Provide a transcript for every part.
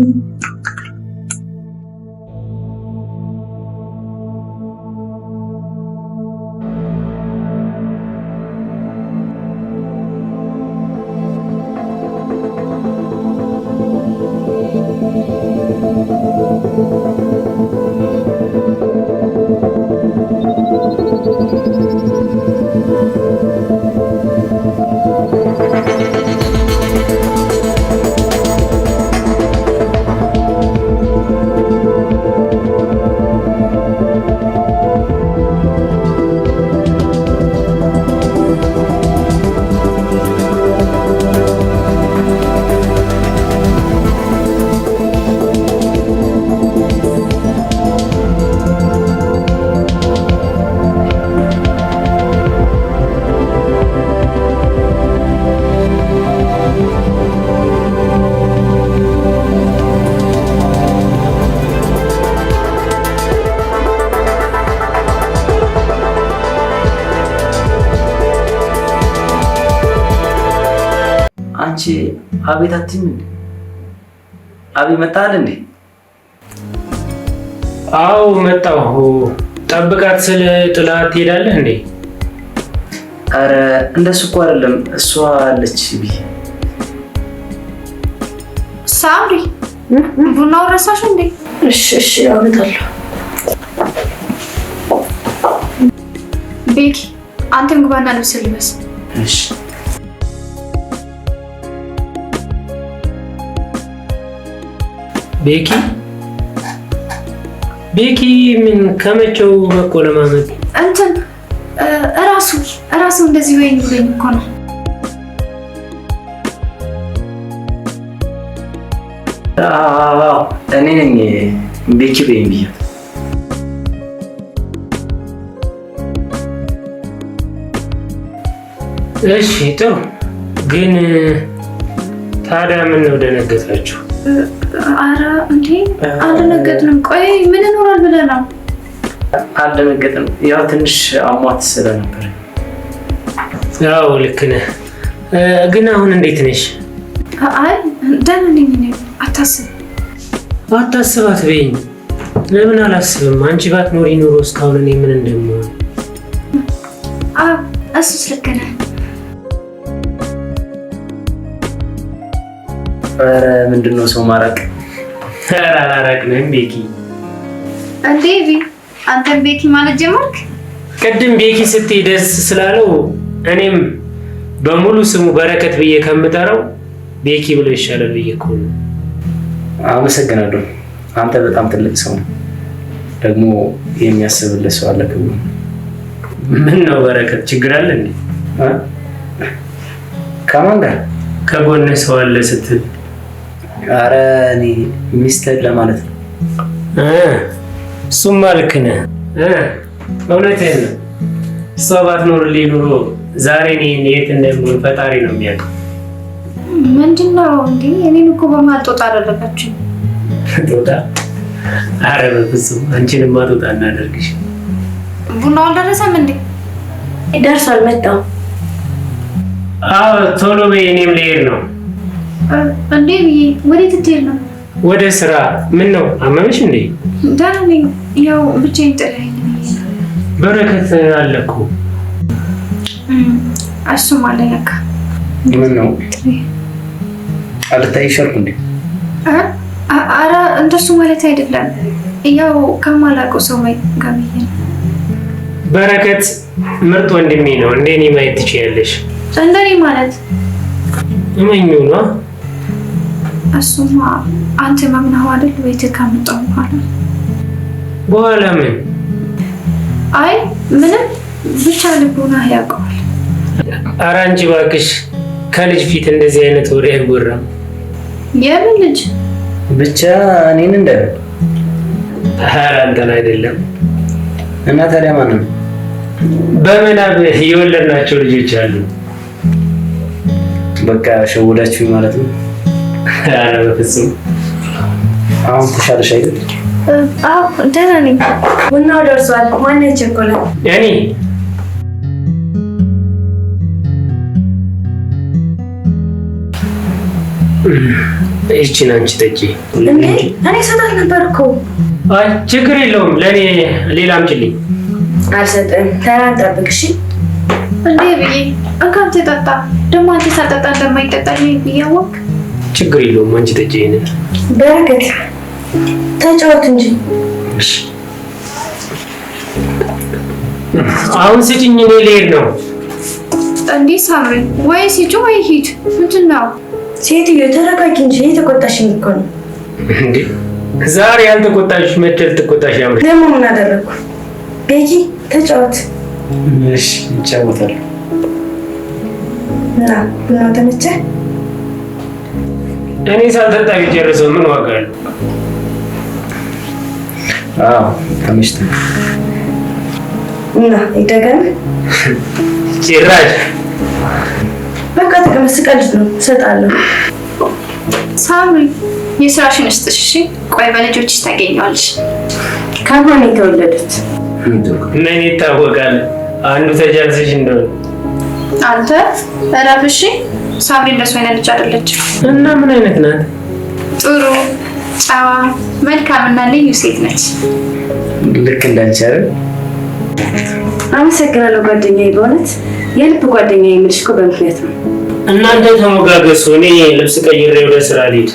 Thank you. አንቺ አቤት አትይም እንዴ? አቤት መጣል እንዴ? አዎ መጣሁ። ጠብቃት ስለ ጥላት ትሄዳለህ እንዴ? አረ እንደሱ እኮ አይደለም። እሷ አለች ቢ ሳምሪ ቡና ረሳሽ እንዴ? እሺ እሺ፣ አመጣለሁ። ቤኪ አንተም ግባና ልብስ ልበስ። እሺ ቤኪ ቤኪ ምን ከመቼው በቆ ለማመድ እንትን እራሱ እራሱ እንደዚህ ወይ ብለኝ እኮ ነው። እኔ ነኝ ቤኪ በይኝ እሺ ጥሩ ግን ታዲያ ምን ነው ደነገጣችሁ? አረ እንዴ አልደነገጥንም። ቆይ ምን ይኖራል ብለህ ነው? አልደነገጥንም። ያው ትንሽ አሟት ስለነበር። ያው ልክ ነህ። ግን አሁን እንዴት ነሽ? አይ ደህና ነኝ አታስብ አታስብ አትበይኝ። ለምን አላስብም? አንቺ ባትኖሪ ኖሮ እስካሁን እኔ ምን እንደምሆን እሱስ ልክ ነህ ኧረ ምንድን ነው ሰው ማረቅ ኧረ አላራቅንም ቤኪ። እንዴ አንተን ቤኪ ማለት ጀመርክ? ቅድም ቤኪ ስትይ ደስ ስላለው እኔም በሙሉ ስሙ በረከት ብዬ ከምጠራው ቤኪ ብሎ ይሻላል ብዬ እኮ ነው። አመሰግናለሁ። አንተ በጣም ትልቅ ሰው ነው። ደግሞ የሚያስብልህ ሰው አለ። ክብሩ ምን ነው በረከት፣ ችግር አለ እንዴ? ከማን ጋር ከጎንህ ሰው አለ ስትል አረ እኔ ሚስትህ ለማለት ነው። እሱማ ልክ ነህ፣ እውነትህን ነው። እሷ ባትኖርልኝ ኑሮ ዛሬ እኔን የት እንደምሆን ፈጣሪ ነው የሚያውቀው። ምንድን ነው እንዴ? እኔን እኮ በማጦጣ አደረጋችሁ። ጦጣ? አረ በፍጹም አንቺንማ ማጦጣ እናደርግሽ። ቡናው አልደረሰም እንዴ? ደርሷል። መጣሁ። አዎ ቶሎ በይ፣ እኔም ልሄድ ነው እንዴ ብዬ ወዴት ትሄድ ነው? ወደ ስራ። ምን ነው አመመሽ እንዴ? ደህና ነኝ። ያው ብቻዬን ጥለኸኝ። በረከት አለ እሱም አለ ለካ። ምን ነው አልታይሽ አልኩ እንዴ? ኧረ እንደሱ ማለት አይደለም። ያው ከማላውቀው ሰው ጋብዬ ነው። በረከት ምርጥ ወንድሜ ነው። እንደኔ ማየት ትችያለሽ። እንደኔ ማለት እመኙ ነው እሱማ አንተ መምናው አይደል ቤት ከመጣሁ በኋላ በኋላ ምን? አይ ምንም ብቻ ልቦና ያውቀዋል። ኧረ አንቺ እባክሽ ከልጅ ፊት እንደዚህ አይነት ወሬ አይጎራም። የምን ልጅ ብቻ እኔን እንደ ኧረ አንተን አይደለም። እና ታዲያ ማን በምናብ የወለድናቸው ልጆች አሉ። በቃ ሸውዳችሁ ማለት ነው። ኧረ በፍፁም አሁን ተሻለሽ አይደል? አዎ ደህና ነኝ። ቡናው ደርሷል። ማን ያቸኮላል? እኔ ይቺን አንቺ ጠጪ። እኔ ሰጣት ነበር እኮ። ችግር የለውም ለእኔ ሌላ አምጪልኝ። አልሰጥም። ተራን ጠብቅ እሺ። እንዴ ብዬ እንካንተ ጠጣ ደግሞ አንተ ሳልጠጣ እንደማይጠጣ ብዬ አወቅ ችግር የለውም። አንቺ ጠጪ። ይሄንን በረከት ተጫወት እንጂ አሁን ስጭኝ፣ እኔ ልሄድ ነው። እንዴ ሳሪ፣ ወይ ስጭ ወይ ሂድ። ምንድን ነው? ሴትዮ ተረጋጊ እንጂ የተቆጣሽኝ እኮ ነው። እንዴ ዛሬ ያልተቆጣሽ መቼ ልትቆጣሽ? ያምሪ ደግሞ ምን አደረግኩ? ቤኪ ተጫወት። እሺ እንጫወታለሁ። ና ቡናው ተመቸህ? እኔ ሳልጠጣ ቢጨርሰው ምን ዋጋ አለው? አዎ እና ይደገም ጭራሽ በቃ ተቀመጥ፣ ስቀልድ ነው እሰጣለሁ። ሳምሪ የስራሽን እስጥሽ። እሺ ቆይ በልጆችሽ ታገኘዋለሽ። ካልሆነ የተወለዱት ምን ይታወቃል? አንዱ ተጃልሰሽ እንደሆነ አንተ እረፍ እሺ ሳብሪ እንደሱ አይነት ልጅ አይደለች። እና ምን አይነት ናት? ጥሩ፣ ጨዋ፣ መልካም እና ልዩ ሴት ነች። ልክ እንዳንቺ አይደል? አመሰግናለሁ ጓደኛዬ። በእውነት የልብ ጓደኛዬ የምልሽ እኮ በምክንያት ነው። እናንተ ተሞጋገሱ፣ እኔ ልብስ ቀይሬ ወደ ስራ ልሂድ።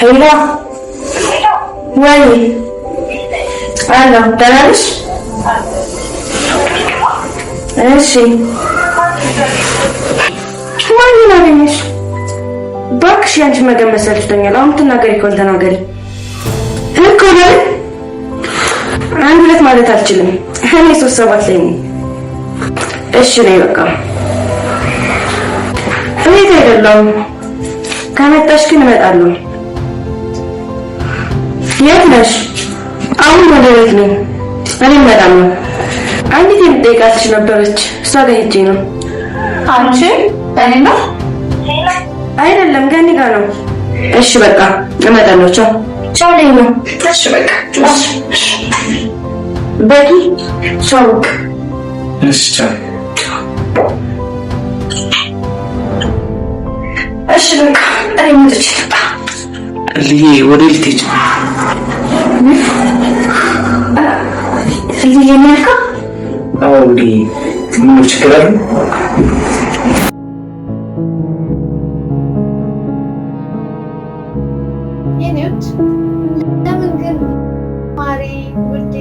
ሄሎ ወይ አለ፣ ደህና ነሽ? እሺ ማንን አገኘሽ? እባክሽ ያንቺ መገመት ሰልችቶኛል። አሁን ትናገሪ ከሆነ ተናገሪ። እኮ አንድ ሁለት ማለት አልችልም። እኔ ሶስት ሰባት ላይ ነኝ። እሺ ነይ በቃ። እቤት አይደለሁም። ከመጣሽ ግን እመጣለሁ። የት ነሽ? አሁን ወደ ቤት ነኝ። እኔም በጣም ነው። አንዲት የምጠይቃትሽ ነበረች፣ እሷ ጋር ሄጄ ነው። አንቺ እኔ ነው አይደለም፣ ገኒ ጋር ነው። እሺ በቃ እመጣለሁ። ቻው ቻው። ላይ ነው። እሺ በቃ በቂ ቻው። እሺ ቻው። እሺ በቃ እኔ ወደ ልትሄጂ ነው ልትልኝ የሚያልከው? አዎ እንዲህ ምን ችግር አለ? ማሪ ውዴ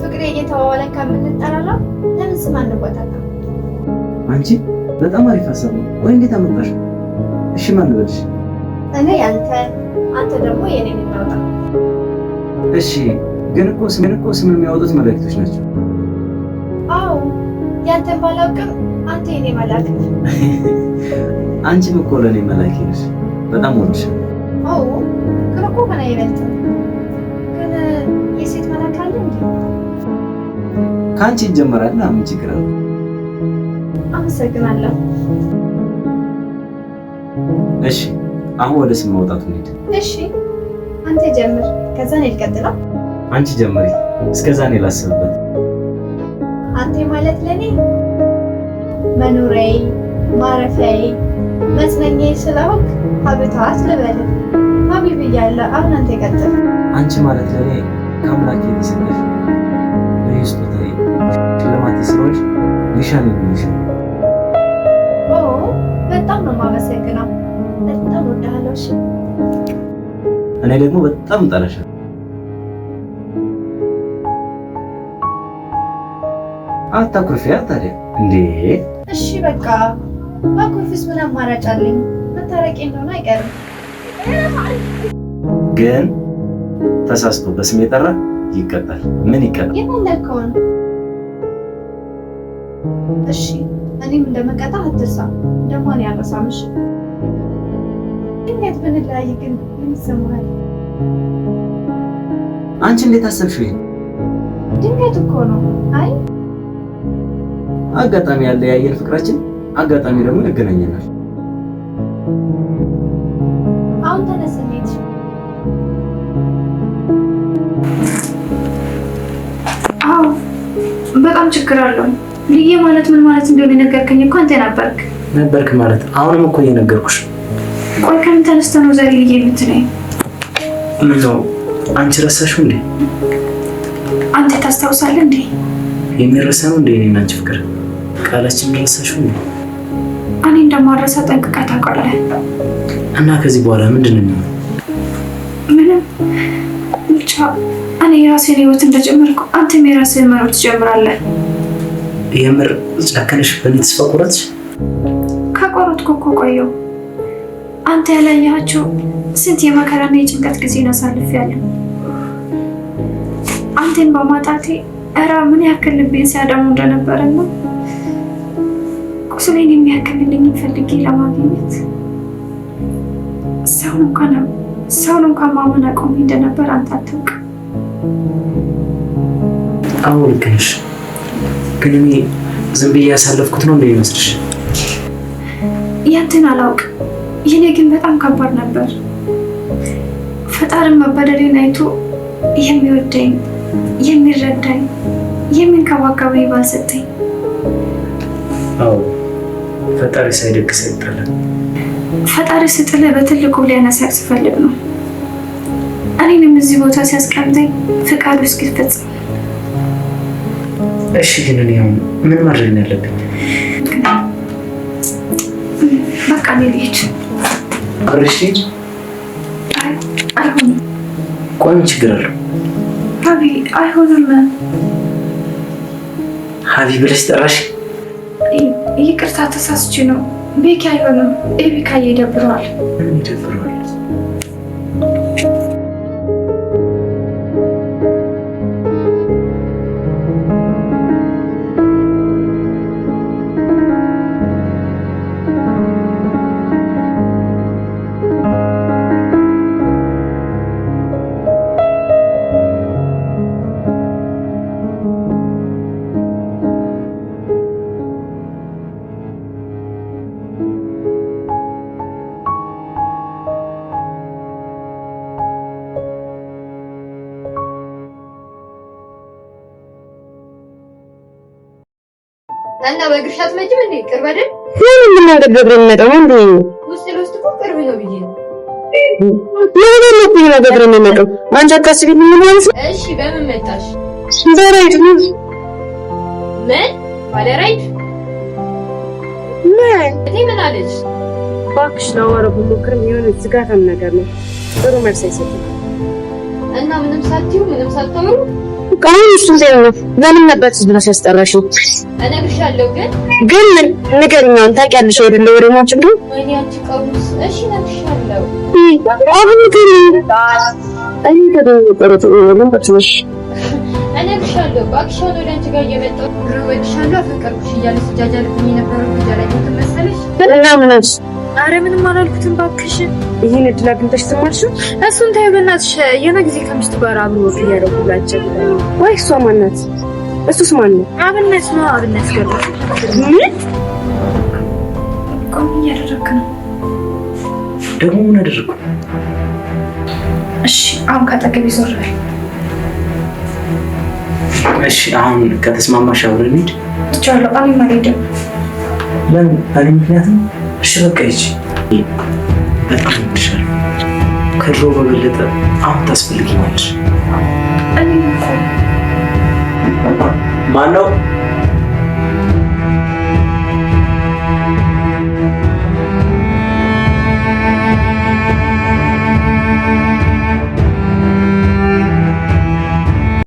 ፍቅሬ እየተዋዋለን ከምንጠራራ ለምን ስም አንቺ በጣም አሪፍ ሀሳብ ነው። ወይ እንዴት አመጣሽ? እሺ ማን ልበልሽ? እኔ ያንተ፣ አንተ ደግሞ የኔ የምናወጣ እሺ ግን እኮ ስም የሚያወጡት መላእክቶች ናቸው። አዎ ያንተን ባላውቅም አንተ የኔ መላክ ነህ። አንቺም እኮ ለእኔ መላክ ነሽ። በጣም ወንሽ። አዎ ግን እኮ ከኔ ግን የሴት መላክ አለ እንዴ? ከአንቺ ይጀምራል። ምን ችግር አለ? አመሰግናለሁ። እሺ አሁን ወደ ስም ማውጣቱ እንሂድ። እሺ አንተ ጀምር፣ ከዛ ነው ልቀጥለው። አንቺ ጀምሪ። እስከዛ እኔ ላስብበት። አንቴ ማለት ለኔ መኖሪያዬ፣ ማረፊያዬ፣ መጽናኛዬ ስለሆንክ ሀብታ ልበል ሀቢብ እያለ አሁን አንተ ይቀጥል። አንቺ ማለት ለኔ ከአምላኬ የተሰጠሽ በስጦታዬ ሽልማት ስለሆንሽ ሊሻን የሚልሽ በጣም ነው የማመሰግነው። በጣም ወዳለሽ። እኔ ደግሞ በጣም ጠረሻ አታኩርፊያ። ታዲያ እንዴ! እሺ በቃ ማኩርፊስ ምን አማራጭ አለኝ? መታረቂ እንደሆነ አይቀርም። ግን ተሳስቶ በስም የጠራ ይቀጣል። ምን ይቀጣል? የፈለግከውን። እሺ እኔም እንደመቀጣ አትርሳ። ደግሞ እኔ አልረሳምሽ። እንዴት ብንለያይ ግን ምን ይሰማሃል? አንቺ እንዴት አሰብሽ? ድንገት እኮ ነው። አይ አጋጣሚ ያለ ያየን ፍቅራችን አጋጣሚ ደግሞ እንገናኘናል። አሁን ተነስልኝ። አዎ በጣም ችግር አለው። ልዬ ማለት ምን ማለት እንደሆነ የነገርከኝ እኮ አንተ ነበርክ ነበርክ ማለት አሁንም እኮ እየነገርኩሽ። ቆይ ከምን ተነስተ ነው ዛሬ ልዬ የምትለኝ? ምን ነው አንቺ ረሳሽው እንዴ? አንተ ታስታውሳለህ እንዴ? የሚረሳ ነው እንዴ እኔና አንቺ ፍቅር ቃላችን ረሳሽው? እኔ እንደማረሳ ጠንቅቀህ ታውቃለህ። እና ከዚህ በኋላ ምንድን ነው ምንም ብቻ እኔ የራሴን ህይወት እንደጀመርኩ አንተም የራስህን መኖር ትጀምራለህ። የምር ጨከነሽ? በእኔ ተስፋ ቆረጥሽ? ከቆረጥኩ እኮ ቆየሁ። አንተ ያላየሃቸው ስንት የመከራና የጭንቀት ጊዜ አሳልፌያለሁ። አንተን በማጣቴ እረ ምን ያክል ልቤን ሲያደሙ እንደነበረና ቁስሌን የሚያክምልኝ ፈልጌ ለማግኘት ሰውን እንኳን ሰውን እንኳን ማመን አቆሜ እንደነበር አንተ አታውቅም። አዎ ልክ ነሽ። ግን እኔ ዝም ብዬ ያሳለፍኩት ነው እንደ ይመስልሽ? ያንተን አላውቅም። የኔ ግን በጣም ከባድ ነበር። ፈጣሪን መበደሌን አይቶ የሚወደኝ የሚረዳኝ የሚንከባከበኝ ባልሰጠኝ። አዎ ፈጣሪ ሳይደግስ አይጣልም። ፈጣሪ ስጥልህ በትልቁ ሊያነሳህ ስፈልግ ነው። እኔንም እዚህ ቦታ ሲያስቀምጠኝ ፍቃዱ እስኪፈጽም። እሺ፣ ግን እኔ አሁን ምን ማድረግ ነው ያለብኝ? በቃ እኔ ልሂድ። አብረሽ አይሆንም። ቆይ ምን ችግር አለው? ሀቢ አይሆንም። ሀቢ ብለሽ ጠራሽ? ይቅርታ ተሳስቼ ነው። ቤኪ አይሆንም። ኤቢካ ይደብረዋል። ምን ይደብረዋል? እና በእግርሽ አትመጭም እንዴ? ቅርብ አይደል? ምን ምን ነገር በእግር የሚመጣው እንዴ? ውስጥ ለውስጥ እኮ ቅርብ ነው ብዬ ነው። ምን ነው ነገር በእግር የሚመጣው? አንቺ አታስቢም ማለት ነው? እሺ በምን መጣሽ? በራይድ ነው። ምን ባለ ራይድ ምን ምን አለች? እባክሽ ላወራው ብሞክርም የሆነ ስጋታም ነገር ነው። ጥሩ መልስ አይሰጥም እና ምንም ሳትይው ምንም ሳታወሩ ቀሁን እሱን ዘይ ነው ለምን ነበር ዝም ብለሽ ያስጠራሽኝ? እነግርሻለሁ። ግን ምን ንገሪኛውን ታውቂያለሽ አይደል? ለወሬማች ግን ወይኔ አንቺ እሺ አሁን ግን እኔ ደግሞ ተረቱ ምን ታችሽ? እነግርሻለሁ። እባክሽ ወደ አንቺ ጋር እየመጣሁ እወድሻለሁ፣ አፈቀርኩሽ እያለ ሲጃጃልብኝ የነበረው ጉዳይ ላይ ተመሰለሽ እና ምንስ አረ ምንም አላልኩትም እባክሽ። ይሄን እድል አግኝተሽ ትማርሽው እሱን ታዩ በእናትሽ። የሆነ ጊዜ ከምሽት ጋር አብሮ ወክ እያደረጉላቸው ወይ እሷ ማናት? እሱስ ማን ነው? አብነት ነው። አብነት ገባ ምን ቆም እያደረክ ነው ደግሞ? ምን አደረግኩ? እሺ አሁን ካጠገብ ይዞራል። እሺ አሁን ከተስማማሽ አብረን ሂድ። ይቻላል። አሁን ማለት ለምን? አሪ ምክንያቱም እሺ በቃ ይቺ በጣም እወድሻለሁ። ከድሮ በበለጠ አሁን ታስፈልጊኛለሽ። ማነው